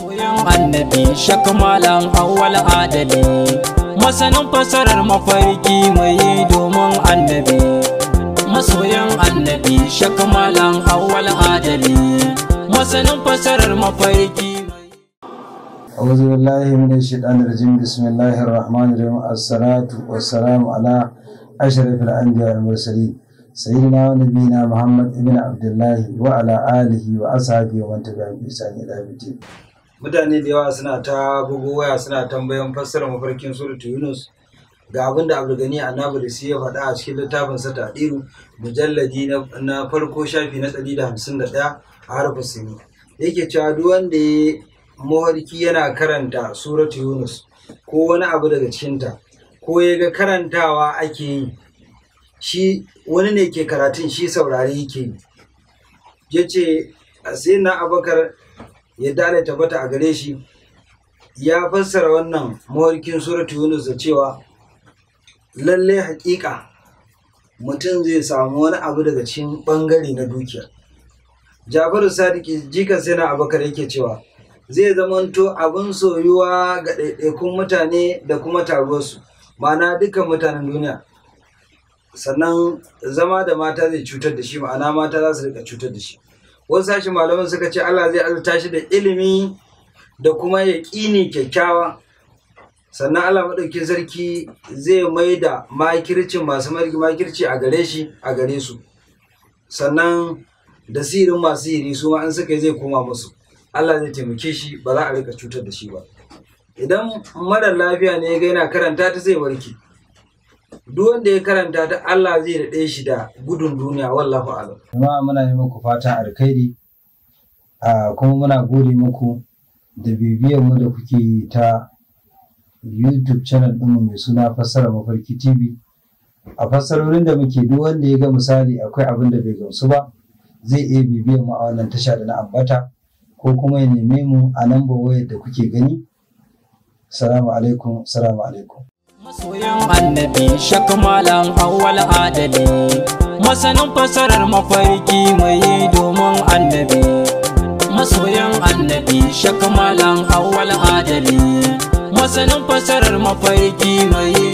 masoyan annabi malan awwal adali masanin fasarar mafarki mai domin annabi masoyan annabi shakka malan awwal adali masanin fasarar mafarki أعوذ بالله من الشيطان الرجيم بسم الله الرحمن الرحيم الصلاة والسلام على أشرف الأنبياء والمرسلين سيدنا ونبينا محمد بن عبد الله وعلى آله وأصحابه ومن تبعهم بإحسان إلى يوم الدين mutane da yawa suna ta bugu waya suna tambayan fassara mafarkin suratu yunus ga abin da abdulgani annabi ya faɗa a cikin littafin sa tadiru mujalladi na farko shafi na 151 a harfin sini yake cewa duk wanda ya mawarki yana karanta suratu yunus ko wani abu daga cikinta ko ya ga karantawa ake yi shi wani ne ke karatun shi saurari yake yi sai na abakar Ya Allah tabbata a gare shi ya fassara wannan mawarkin suratu Yunus da cewa lalle haƙiƙa mutum zai samu wani abu daga cikin ɓangare na dukiya Jafaru Sadiki jika sai na Abakar yake cewa zai zamanto abin soyuwa ga ɗaiɗaikun mutane da kuma taruwarsu ma'ana dukkan mutanen duniya sannan zama da mata zai cutar da shi ma'ana mata za su rika cutar da shi wasu sashen malaman suka ce Allah zai azurta shi da ilimi da kuma yaƙini kyakkyawa sannan Allah maɗauki sarki zai mai da makircin masu makirci a gare shi a gare su sannan da sihirin masu sihiri su ma an suka zai koma musu Allah zai taimake shi ba za a rika cutar da shi ba idan mara lafiya ne ya ga yana karanta ta zai warke duk wanda ya karanta ta Allah zai daɗe shi da gudun duniya wallahu alam kuma muna yi muku fatan alkhairi kuma muna gode muku da bibiyar mu da kuke yi ta YouTube channel ɗinmu mai suna fassara mafarki TV a fassarorin da muke duk wanda ya ga misali akwai abin da bai gamsu ba zai iya bibiyar mu a wannan tasha da na ambata ko kuma ya neme mu a nan wayar da kuke gani salamu alaikum salamu alaikum masoyan annabi shakmalan awwal adali masanin fasarar mafarki mai domin annabi masoyan annabi malan awwal adali masanin fasarar mafarki mai